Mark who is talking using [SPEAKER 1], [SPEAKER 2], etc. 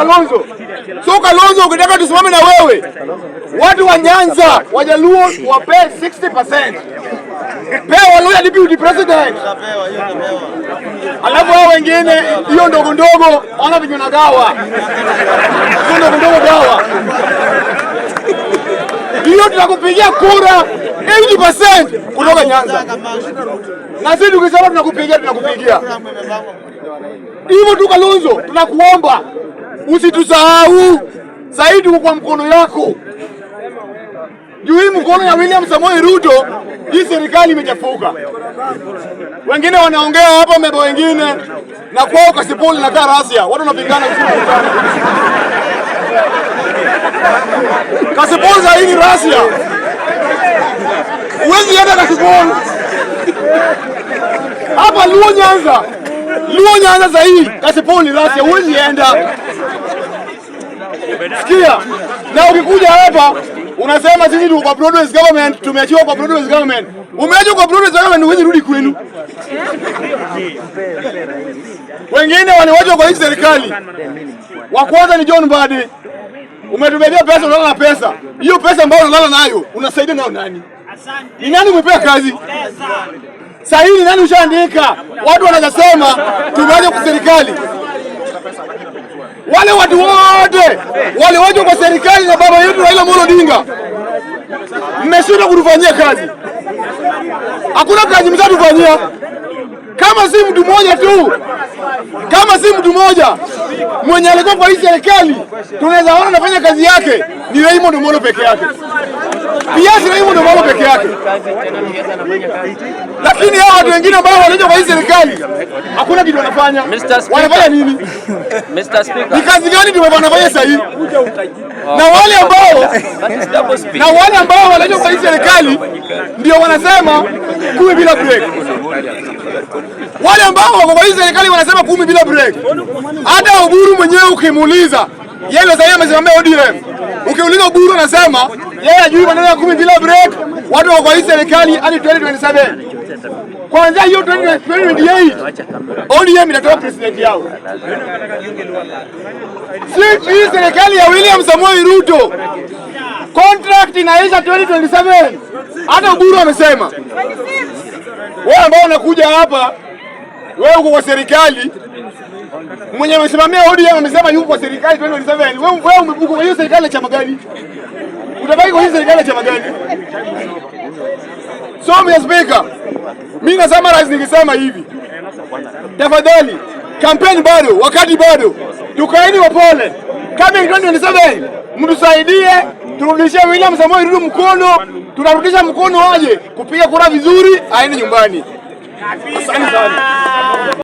[SPEAKER 1] Kalonzo. So Kalonzo, ukitaka tusimame na wewe, watu wa Nyanza wajaluo wape 60%. Pewa Waluya deputy president, alafu hao wengine hiyo ndogo ndogo wana na gawa hiyo ndogo ndogo gawa hiyo, tunakupigia kura 80% kutoka Nyanza, na sisi tukisema tunakupigia, tunakupigia hivyo tu. Kalonzo, tunakuomba Usitusahau Saidi, kwa mkono yako juu hii mkono ya William Samoei Ruto, hii serikali imechafuka. Wengine wanaongea hapa mbele, wengine na kwao kasipoli na karasia, watu wanapigana kasipoli za hii rasia, huwezi enda kasipoli hapa Luo Nyanza, Luo Nyanza za hii kasipoli rasia, huwezi enda Sikia, na ukikuja hapa unasema sisi ni kwa Broadway's government, tumeachiwa kwa Broadway's government. Umeachiwa kwa Broadway's government, huwezi rudi kwenu. Wengine waliwachwa kwa hii serikali. Wa kwanza ni John Mbadi, umetubebea pesa, unalala na pesa hiyo. Pesa ambayo unalala nayo unasaidia nayo nani? Ni nani umepea kazi? Sasa ni nani ushaandika? Watu wanaweza sema kwa serikali, wale watu wao wote waliwekwa kwa serikali na baba yetu Raila Amolo Odinga, mmeshindwa kutufanyia kazi. Hakuna kazi mtatufanyia kama si mtu mmoja tu, kama si mtu mmoja mwenye alikuwa kwa hii serikali tunaweza ona anafanya kazi yake ni Raymond Amolo peke yake. Viazi na hivyo ndio mambo peke yake, lakini hao watu wengine ambao wanaja kwa hii serikali hakuna kitu wanafanya.
[SPEAKER 2] Wanafanya nini?
[SPEAKER 1] Ni kazi gani ndio wanafanya sasa hivi? Na wale ambao na wale ambao wanaja kwa hii serikali ndio wanasema kumi bila break. Wale ambao wako kwa hii serikali wanasema kumi bila break. Hata uburu mwenyewe ukimuuliza yeye ndo sahihi amesimamia ODM. Ukiuliza Buru anasema yeye ajui maneno ya kumi bila break, watu wako kwa hii serikali hadi 2027. Kwanza hiyo 2028 ODM inatoa president yao. Si hii serikali ya William Samoei Ruto contract inaisha 2027. Hata Buru amesema. Wewe ambao unakuja hapa wewe uko kwa serikali mwenye amesimamia ODM amesema yupo serikali. Wewe umebuku kwa hiyo serikali ya chama gani? Utabaki kwa hiyo serikali ya chama gani? So Mr. Speaker, mimi na summarize nikisema hivi, tafadhali kampeni bado, wakati bado, tukaeni wapole. Kama 2027 mtusaidie, turudishie William Samoei Ruto mkono, tunarudisha mkono aje kupiga kura vizuri, aende nyumbani. Asante sana.